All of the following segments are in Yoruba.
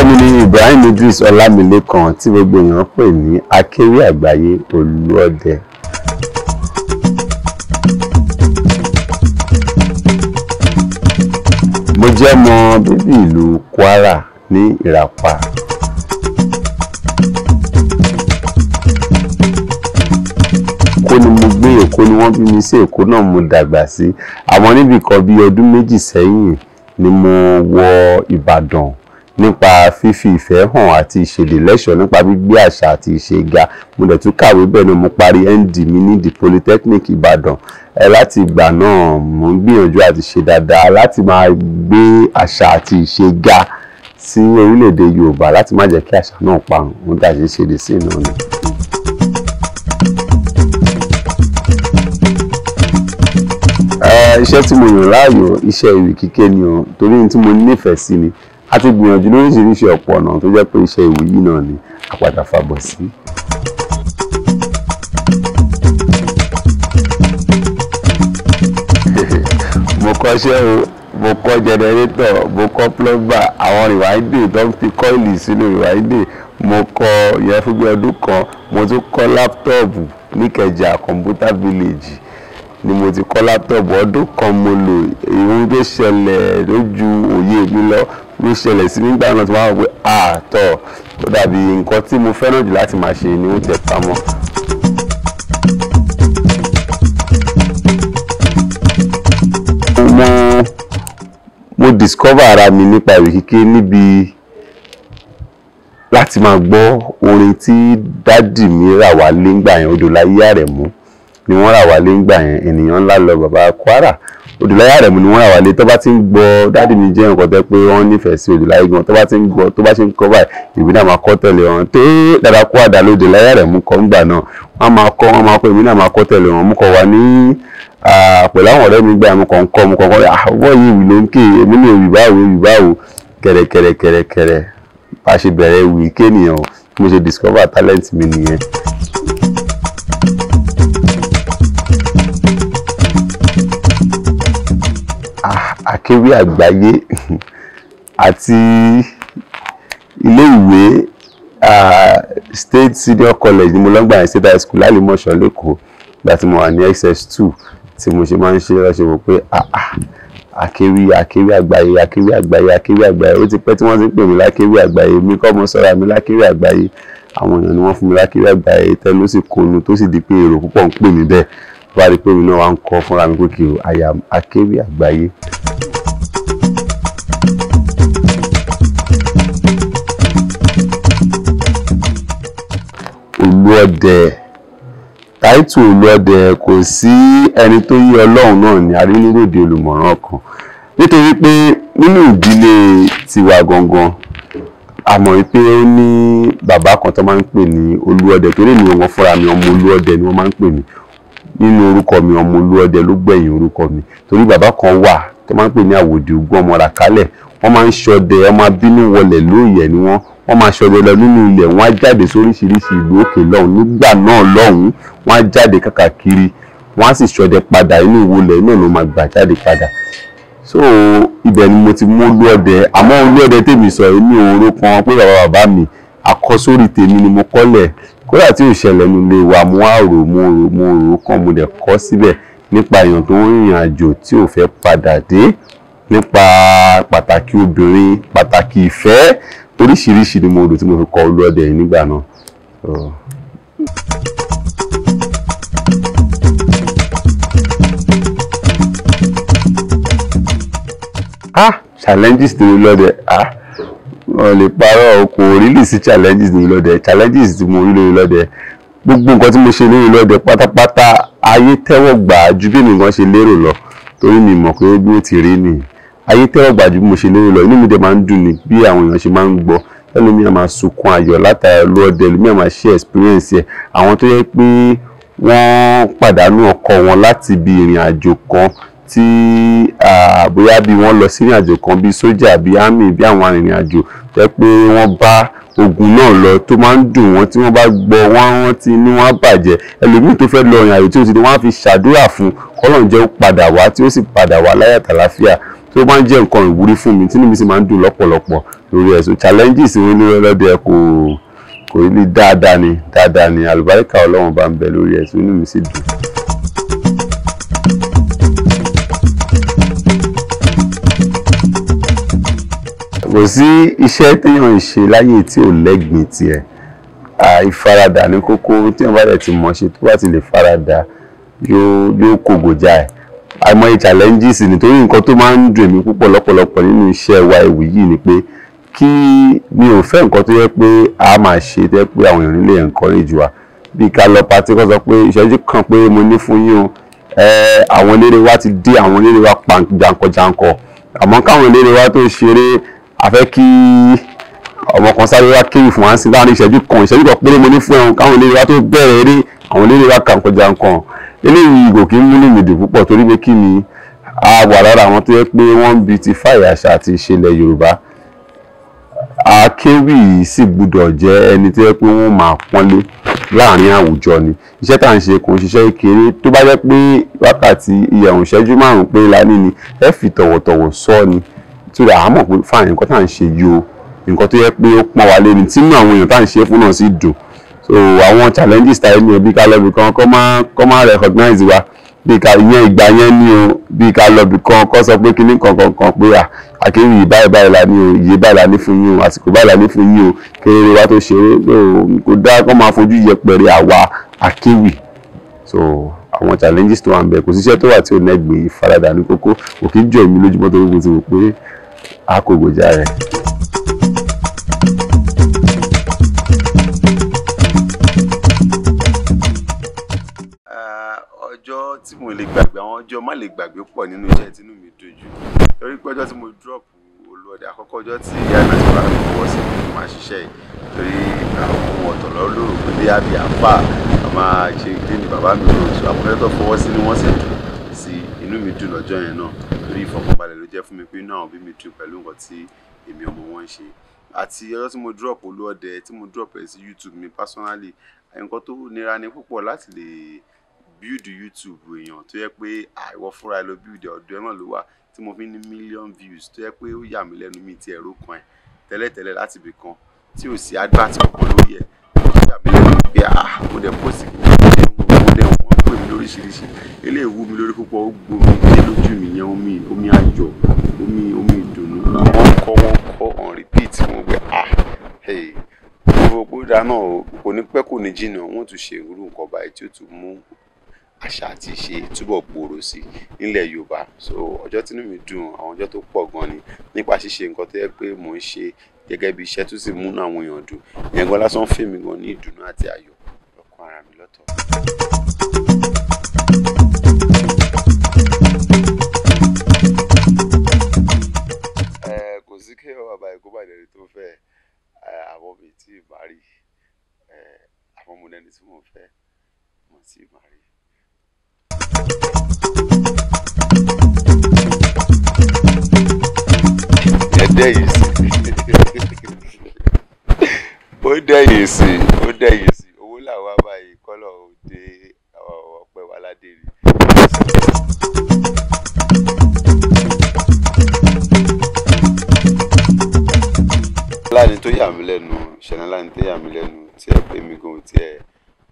orúkọ mi ni Ibrahim Idris Ọlámilékan tí gbogbo èèyàn pè ní akéwì àgbáyé olúọdẹ mo jẹ́ ọmọ bíbí ìlú Kwara ní Ìràpá Èkó ni mo gbé Èkó ni wọ́n bí mi sí Èkó náà mo dàgbà sí àmọ́ níbìkan bíi ọdún méjì sẹ́yìn ni mo wọ Ìbàdàn nípa fífi ìfẹ́ hàn àti ìṣèlè lẹ́ṣọ̀ọ́ nípa gbígbé àṣà àti ìṣe ga mo dẹ̀ tún kàwé bẹ́ẹ̀ náà mo parí nd mi ní the polytechnic ìbàdàn ẹ láti ìgbà náà mo ń gbìyànjú àti ṣe dáadáa láti máa gbé àṣà àti ìṣe ga sí orílẹ̀-èdè yorùbá láti má jẹ́ kí àṣà náà parun mo dà ṣe ṣèlè sí ìnà ni. iṣẹ́ tí mo yàn láàyò iṣẹ́ ìwé kíké ni o torí tí mo nífẹ̀ẹ́ sí ni a ti gbìyànjú lóríṣiríṣi ọ̀pọ̀ ọ̀nà tó jẹ́ pé iṣẹ́ ìwé yìí náà ni àpàdà fàbọ̀ sí. mo kọ́ṣẹ́ o mo kọ́ jẹnẹrétọ̀ mo kọ́ plọ́mbà àwọn rìwáìdè tó ń fi kọ́ìlì sínú rìwáìdè mo kọ́ ìyẹn fún bí ọdún kan mo tún kọ́ láptọ́ọ̀bù níkẹjà computer village ni mo ti kọ́ láptọ́ọ̀bù ọdún kan mo lò ìhun tó ṣẹlẹ̀ lójú òye mi lọ ló ṣẹlẹ̀ sí nígbà náà tí wọ́n á wọ pé àtọ̀ tó dàbí nǹkan tí mo fẹ́ràn jù láti máa ṣe ni ó pamọ́. mo mo discover ara mi nípa ìwé kíké níbi láti máa gbọ́ orin tí dádì mi rà wá lé ńgbà yẹn odò láyé àrẹ̀mú ni wọ́n rà wálé ńgbà yẹn ènìyàn ńlá lọ bàbá Kwara Odùláyé Àrẹ̀mú ni wọ́n rà wálé tó bá ti ń gbọ́ dáàdì mi jẹ́ nǹkan tẹ́ pé wọ́n nífẹ̀ẹ́ sí Odùláyé gan tó bá ti ń gbọ́ tó bá ṣe ń kọ́ báyìí èmi náà máa kọ́ tẹ̀lé wọn tó dada kó àdá lóde Odùláyé Àrẹ̀mú kọ́ ńgbà náà wọ́n máa kọ́ wọ́n máa kọ́ èmi náà máa kọ́ tẹ̀lé wọn mú kọ́ wa ní pẹ̀lú àwọn ọ̀rẹ́ mi gbà mú kàn kọ́ mú kàn kọ́ àwọ̀ ah, yìí wì ló ń ké èmi ní òwì báwo òwì báwo kẹ̀rẹ̀kẹ̀rẹ̀kẹ̀rẹ̀kẹ̀rẹ̀ bá ṣe bẹ̀rẹ̀ wì kéènìyàn mo discover talent mi akéwì àgbáyé àti iléèwé state senior college ni mo lọ́gbà yẹn state high school lálẹ́mọ̀ṣọ́ lẹ́kọ̀ọ́ ìgbà tí mo wà ní xs two tí mo ṣe máa ń ṣe lọ́ṣẹ̀ wò pé akéwì ah, ah, akéwì àgbáyé akéwì àgbáyé akéwì àgbáyé ó ti pẹ́ tí wọ́n ti ń pè mí lákéwì àgbáyé mi kọ́ mo sọ́ra mi lákéwì àgbáyé àwọn èèyàn ni wọ́n fún mi lákéwì àgbáyé tẹ́lú sì kọnu tó sì di pé èrò púpọ̀ ń pè mí bẹ́ẹ̀ wá rí pé mi náà wá ń kọ fúnra mi pé kí I am akéwì àgbáyé. Olú Ọdẹ táìtù Olú Ọdẹ kò sí ẹni tó yí ọlọ́run náà ní arínúròde olùmọ̀ràn kan nítorí pé nínú ìdílé tiwa gangan a mọ̀ wípé ó ní bàbá kan tó máa ń pè ní Olú Ọdẹ torí èmi wọn fúnra mi ọmọ Olú Ọdẹ ni wọ́n máa ń pè mí nínú orúkọ mi ọmọ Olú Ọdẹ ló gbẹ̀yìn orúkọ mi torí bàbá kan wà tó máa ń pè ní àwòdì ogún ọmọ ràkálẹ̀ wọ́n máa ń ṣọdẹ ọmọ abínú wọlẹ̀ lóòyẹ̀ ni wọ́n wọ́n máa ṣọdẹ lọ nínú ilẹ̀ wọ́n á jáde sóríṣiríṣi ìlú òkè lọ́hùn nígbà náà lọ́hùn wọ́n á jáde kákàkiri wọ́n á sì ṣọdẹ padà inú ìwọlẹ̀ náà ló máa gbà jáde padà so ibẹ̀ ni mo ti mú olú ọdẹ àmọ́ olú ọdẹ tèmi sọ èmi ò ro kan pé bàbá bàbá mi àkọsórí tèmi ni mo kọ́lẹ̀ kódà tí ò ṣẹlẹ̀ nílé wa mo á rò mo rò mo rò kàn mo dẹ̀ kọ́ síbẹ̀ nípa èèyàn tó ń rìnrìn àjò tí ò fẹ́ padà dé nípa pàtàkì obìnrin pàtàkì ìfẹ́ oríṣiríṣi ni mo rò tí mo fi kọ olóòdè yìí nígbà náà. ah challenges ni olóòdè ah wọn lè parọ́ kò rí lè sí challenges ni olóòdè challenges tí mo rí lórí olóòdè gbogbo nǹkan tí mo ṣe lórí lọ́dẹ pátápátá ayé tẹ́wọ̀ gbà ju bí nìkan ṣe lérò lọ torí mi mọ̀ pé bí ó ti rí nìyí ayé tẹ́wọ̀ gbà ju bí mo ṣe lérò lọ inú mi dẹ̀ máa ń dùn ní bí àwọn èèyàn ṣe máa ń gbọ́ ẹlòmíì àmà sunkún ayọ̀ látara lu ọdẹ ẹlòmíì àmà ṣe experience ẹ̀ àwọn tó yẹ pé wọ́n pàdánù ọkọ wọn láti ibi ìrìn àjò kan tí bóyá bí wọ́n lọ sí ìrìn àjò kan bí sójà bí army bí àwọn arìnrìn àjò tó yẹ pé wọ́n bá ogun náà lọ tó máa ń dùn wọ́n tí wọ́n bá gbọ́ wọ́n rántí ní wọ́n á bàjẹ́ ẹlòmíì tó fẹ́ lọ ìrìn àjò tí ó ti di wọ́n á fi ṣàdúrà fún kọ́lọ̀ ó padà wá tí ó sì padà wá láyàtà láfíà tó bá ń jẹ́ nǹkan ìwúrí fún mi tí mi sì máa ń dùn lọ́pọ̀lọpọ̀ lórí ẹ̀sùn challenges wọn ní lọ́dẹ kò kò rí dáadáa ni dáadáa ni àlùbáríkà ọlọ́run bá ń bẹ lórí ẹ̀sùn inú mi sì dùn. kò sí iṣẹ́ téèyàn ń ṣe láyé tí ò lẹ́gbìn tiẹ̀ ìfaradà ní kókó téèyàn bá dẹ̀ ti mọ̀ ṣe tó bá ti lè faradà yóò yóò kógojá ẹ̀ àìmọye challenges nítorí nǹkan tó máa ń dùn mí púpọ̀ lọ́pọ̀lọpọ̀ nínú iṣẹ́ wa ìwé yìí ni pé kí mi ò fẹ́ nǹkan tó yẹ pé a máa ṣe tẹ́ pé àwọn èèyàn nílé encourage wa bí ká lọ patí kó sọ pé ìṣẹ́jú kan pé mo ní fún yín o àwọn eléré wa ti dé àwọn eléré wa jàǹkọ̀jàǹkọ̀ àmọ́ káwọn eléré wa tó ṣeré afẹ́ kí ọmọ kan sáré wá kéwì fún wa ń sin láàrin ìṣẹ́jú kan ìṣẹ́jú kan péré mo ní fún ẹ̀hún káwọn eléré wa tó bẹ̀rẹ̀ eré àwọn eléré wa kàǹkọ̀jàǹkọ̀ eléyìí kò kí ń múlò mèdè púpọ̀ torí pé kí ni a wà lára àwọn tó yẹ pé wọ́n ń bi ti fáyà àṣà àti ìṣẹ̀lẹ̀ Yorùbá akéwì sì gbúdọ̀ jẹ́ ẹni tó yẹ pé wọ́n máa pọ́nlé láàrin àwùjọ ni iṣẹ́ tá à ń ṣe kò ń ṣiṣẹ́ kékeré tó bá jẹ́ pé wákàtí ìyẹ̀wò ìṣẹ́jú márùn-ún pé lání ni ẹ fi tọ̀wọ̀tọ̀wọ̀ sọ ni tíra àmọ̀ pé fáàyàn nǹkan tá à ń ṣe yìí nǹkan tó yẹ pé ó pọ́n wa lé ni tínú àwọn èèyàn tá à ń ṣe fún náà sì dùn so àwọn challenges ta ẹni bí ká lọ́bì kan kọ́ máa kọ́ máa recognize wa bí ká yẹn ìgbà yẹn ni o bí ká lọ́bì kan kọ́ sọ pé kíní kankan kan pé à akéwì báyìí báyìí la ní o iye báyìí la ní fún yín o àsìkò báyìí la ní fún yín o kéré wa tó ṣeré so kò dáa kọ́ máa fojú yẹpẹrẹ àwa akéwì so àwọn challenges tó wà ń bẹ kò síṣẹ́ tó wà tí ò nẹ́gbẹ̀ẹ́ ìfaradà ní kókó òkè jọ ìmí lójúmọ́ tó gbogbo ti wò pé a kò gbòjà rẹ̀. ọjọ́ tí mo lè gbàgbé àwọn ọjọ́ má lè gbàgbé pọ̀ nínú iṣẹ́ tínú mi dojú torí pé ọjọ́ tí mo drop olóòdì àkọ́kọ́ ọjọ́ tí ìyá náà ti bá mi fọwọ́ sí mi máa ṣiṣẹ́ yìí torí àwọn ohun ọ̀tọ̀ lọ́rọ̀ pé bí àbí àfà máa ṣe ìdí ni bàbá mi rò sọ àwọn ọ̀rẹ́ tó fọwọ́ sí ni wọ́n sì dùn sí inú mi dùn lọ́jọ́ yẹn náà torí ìfọkànbalẹ̀ ló jẹ́ fún mi pé inú àwọn bí mi dùn pẹ̀lú nǹkan tí build YouTube èèyàn tó yẹ pé àìwọ fúnra ẹ ló build ọ̀dọ̀ ẹ náà ló wà tí mo fi ní million views tó yẹ pé ó yà mí lẹ́nu mi ti ẹ̀rọ kan ẹ̀ tẹ́lẹ̀tẹ́lẹ̀ láti ibì kan tí ò sí advert kankan lórí ẹ̀ ó yà mí lẹ́nu pé ah mo dẹ̀ post mo dẹ̀ wọ́n pè mí lóríṣiríṣi eléyìí wú mi lórí púpọ̀ ó gbomi dé lójú mi yẹn omi omi ayọ̀ omi omi ìdùnnú wọ́n kọ́ wọ́n kọ́ on repeat wọn pé ah gbogbo gbódà náà kò ní pẹ́ kò ní jìnnà wọ́n tún ṣe irú nǹkan báyìí tí ó tún mú àṣà àti ìṣe túbọ̀ gbòòrò sí nílẹ̀ Yorùbá so ọjọ́ tínú mi dùn àwọn ọjọ́ tó pọ̀ gan ni nípa ṣíṣe nǹkan tó yẹ pé mò ń ṣe gẹ́gẹ́ bí iṣẹ́ tó sì múnú àwọn èèyàn dùn ìyẹn gan lásán fèmí gan ní ìdùnnú àti ayọ̀ lọ́kàn ara mi lọ́tọ̀. dẹ́yìn sí ó dẹ́yìn sí ó dẹ́yìn sí owó làwọn abáyé kọ́lọ̀ òde ọ̀pẹ wa ládé rí. láàní tó yà mí lẹ́nu ṣẹ̀nà láàní tó yà mí lẹ́nu tí ẹ pè mí gan tí ẹ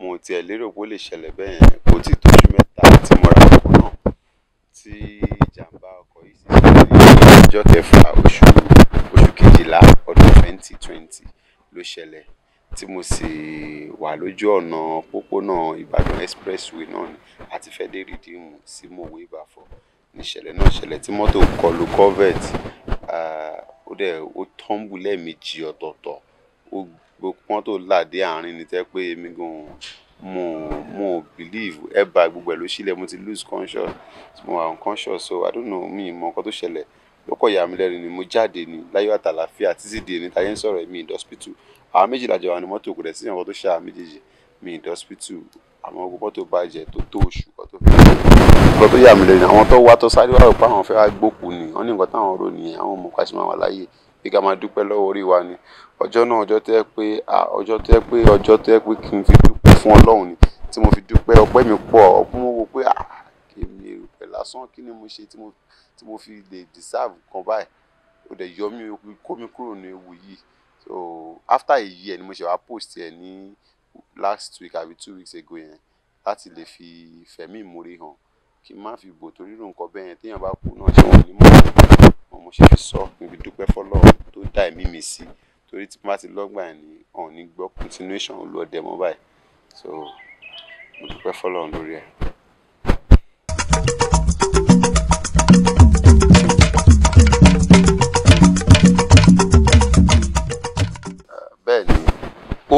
mo ti ẹ̀ lérò pé ó lè ṣẹlẹ̀ bẹ́ẹ̀ yẹn kó ti tójú mẹ́ta tí mo ra ọkọ̀ náà tí ìjàmbá ọkọ̀ yìí sì ṣe ní ọjọ́ kẹfà oṣù twenty ló ṣẹlẹ̀ tí mo sì wà lójú ọ̀nà pópónà ìbàdàn expressway náà ni àti fẹ́ dé rìdíìmù sí mòwe ìbàfọ̀ níṣẹ̀lẹ̀ náà ṣẹlẹ̀ tí mọ́tò kọlu corvette ó dẹ̀ ó tọ́ǹbù lẹ́ẹ̀mejì ọ̀tọ̀ọ̀tọ̀ ó mọ́tò làdé àárín ni tẹ́ pé èmi gan mo mo believe ẹ ba gbogbo ẹ ló sílẹ̀ mo ti lose conscious mo wà unconscious so i don't know mi mọ nǹkan tó ṣẹlẹ̀ lọ́kọ̀ ìyá mi lẹ́rìn ni mo jáde ní láyọ̀ àtàlàfíà títí di èyí táyé ń sọ̀rọ̀ mi ìdọ́sítù àwọn méjìlá jọ wà ní mọ́tò kò dẹ̀ sí ìyàwó tó ṣe àwọn méjèèjì mi ìdọ́sítù àwọn ogun mọ́tò bàjẹ́ tó tó oṣù kan tó fẹ́. tó yà mí lẹ́nu àwọn tó wá tó sáré wá pé àwọn fẹ́ wá gbòkú ni wọ́n ní nǹkan táwọn rò nìyẹn àwọn ọmọ kàṣí máa wà láàyè bí ká máa dúpẹ́ lọ́wọ́ orí wa ni ọjọ́ náà ọjọ́ tẹ́ pé ọjọ́ tẹ́ pé ọjọ́ tẹ́ pé kí n fi dúpẹ́ fún Ọlọ́run ni tí mo fi dúpẹ́ ọpẹ́ mi pọ̀ ọpẹ́ mo wò pé lásán kí ni mo ṣe tí mo fi lè deserve kan báyìí ó dẹ̀ yọ mí kó mi kúrò ní ewu yìí so after a year ni mo ṣe wá post ẹ̀ ní last week àbí two weeks ago yẹn láti lè fi fẹ̀mí ìmúre hàn kí n má fi bò torí irú nǹkan bẹ́ẹ̀ yẹn téèyàn bá kú náà ṣe wọ́n ní mọ̀ mo ṣe fi sọ níbi dúpẹ́ fọlọ́run tó dá ẹ̀mí mi sí torí tí má ti lọ́gbà ẹ̀ ní ọ̀n ní gbọ́ continuation olú ọ̀dẹ̀ mọ́ báyìí so mo dúpẹ́ fọlọ́run lórí ẹ̀.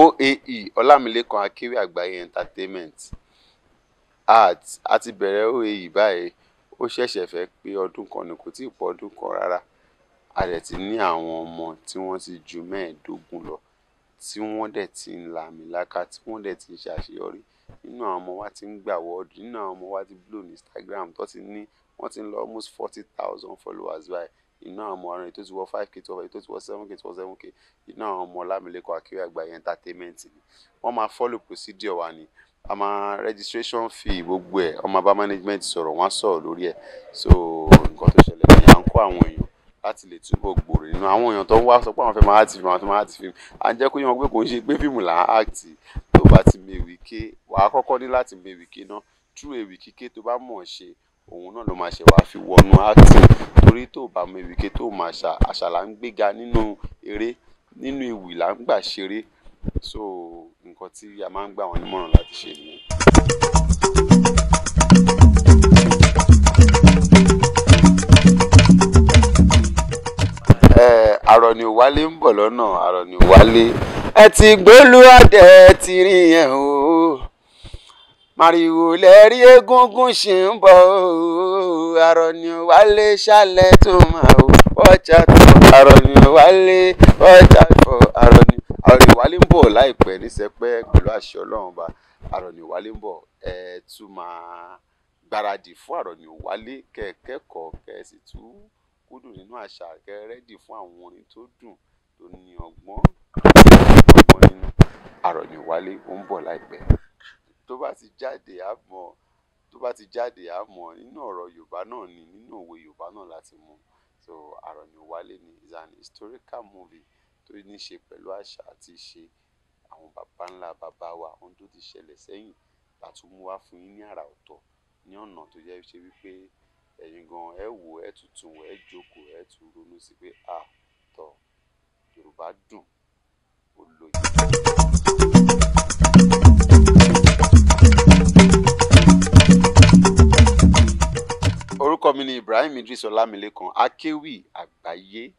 oae ọlámilekan akéwì àgbáyé entertainment art a ti bẹ̀rẹ̀ oae báyìí ó ṣẹ̀ṣẹ̀ fẹ́ pé ọdún kan ni kò tí ì pọ̀ ọdún kan rárá a dẹ̀ ti ní àwọn ọmọ tí wọ́n ti ju mẹ́ẹ̀ẹ́dógún lọ tí wọ́n dẹ̀ ti ń làmìlaka tí wọ́n dẹ̀ ti ń ṣàṣeyọrí nínú àwọn ọmọ wa ti ń gbà wọ́ọ̀dù nínú àwọn ọmọ wa ti blow Instagram tó ti ní wọ́n ti ń lọ almost forty thousand followers báyìí iná àwọn ọmọ ọ̀rìn ètò ti five k twelve ètò ti seven k twelve seven k iná àwọn ọmọ ọlámilẹ́kọ̀ọ́ akérè àgbáyé entertainment ni wọ́n máa follow procedure wa ni a máa registration fee gbogbo ẹ̀ ọmọ bá management sọ̀rọ̀ wọ́n á sọ̀rọ̀ lórí ẹ̀ so nǹkan tó ṣẹlẹ̀ ni à ń kó àwọn èèyàn láti lè túbọ̀ gbòòrò nínú àwọn èèyàn tó ń wá sọ pé àwọn fẹ́ máa ti fíìmù àwọn tó máa ti fíìmù à ń jẹ́ kó yẹn wọn pé kò ń ṣe pé fíìmù là á àctì tó bá ti mewìké wàá kọ́kọ́ ní láti mewìké náà true ewì tó bá mọ̀ ọ́ ṣe òun náà ló máa ṣe wàá fi wọnú acting torí tó bá mọ ewìke tó máa ṣà àṣà ń gbéga nínú eré nínú ewì là ń gbà ṣeré so nǹkan tí a máa ń gbà wọ́n nímọ̀ràn láti ṣe nìyẹn. àrọ̀ ni wálé ń bọ̀ lọ́nà àrọ̀ ni wálé ẹ ti gbólúwàdẹ ti rí yẹn o màrìwò lẹ́rí egúngún ṣì ń bọ̀ ooo àrọ̀nì wálé ṣálẹ̀ tó máa o watch out for àrọ̀nì wálé watch out for àrọ̀nì àrọ̀nì wálé ń bọ̀ láìpẹ́ ní sẹpẹ́ pẹ̀lú àṣẹ ọlọ́run bá àrọ̀nì wálé ń bọ̀ ẹ tún máa gbáradì fún àrọ̀nì wálé kẹ̀kẹ́kọ̀ọ́ kẹ̀sì tún kúndùn nínú àṣà kẹ fún àwọn orin tó dùn tó ní ọgbọ́n ọgbọ́n nínú àrọ̀nì wálé ó ń bọ̀ láìpẹ́ tó bá ti jáde á mọ̀ tó bá ti jáde á mọ̀ nínú ọ̀rọ̀ yorùbá náà ni nínú òwe yorùbá náà láti mú so àrọ̀yìnwálé ni is an historical movie tó ní ṣe pẹ̀lú àṣà àti ìṣe àwọn baba ńlá baba wa ohun tó ti ṣẹlẹ̀ sẹ́yìn tàtún mú wá fún yín ní àrà ọ̀tọ̀ ní ọ̀nà tó jẹ́ ṣe wípé ẹ̀yin gan ẹ wò ẹ tuntun ẹ jókòó ẹ tún ronú sí pé à yorùbá dùn èmi ni Ibrahim Idris Ọlámilékan akéwì àgbáyé.